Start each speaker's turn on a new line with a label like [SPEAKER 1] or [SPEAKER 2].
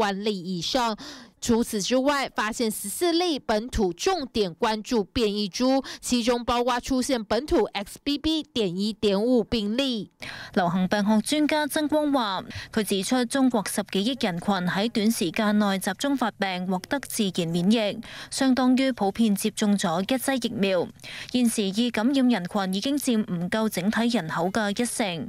[SPEAKER 1] 萬例以上，除此之外，發現十四例本土重點關注變異株，其中包括出現本土 XBB. 點一點五病例。流行病學專家曾光話，佢指出，中國十幾億人群喺短時間內集中發病，獲得自然免疫，相當於普遍接種咗一劑疫苗。現時易感染人群已經佔唔夠整體人口嘅一成。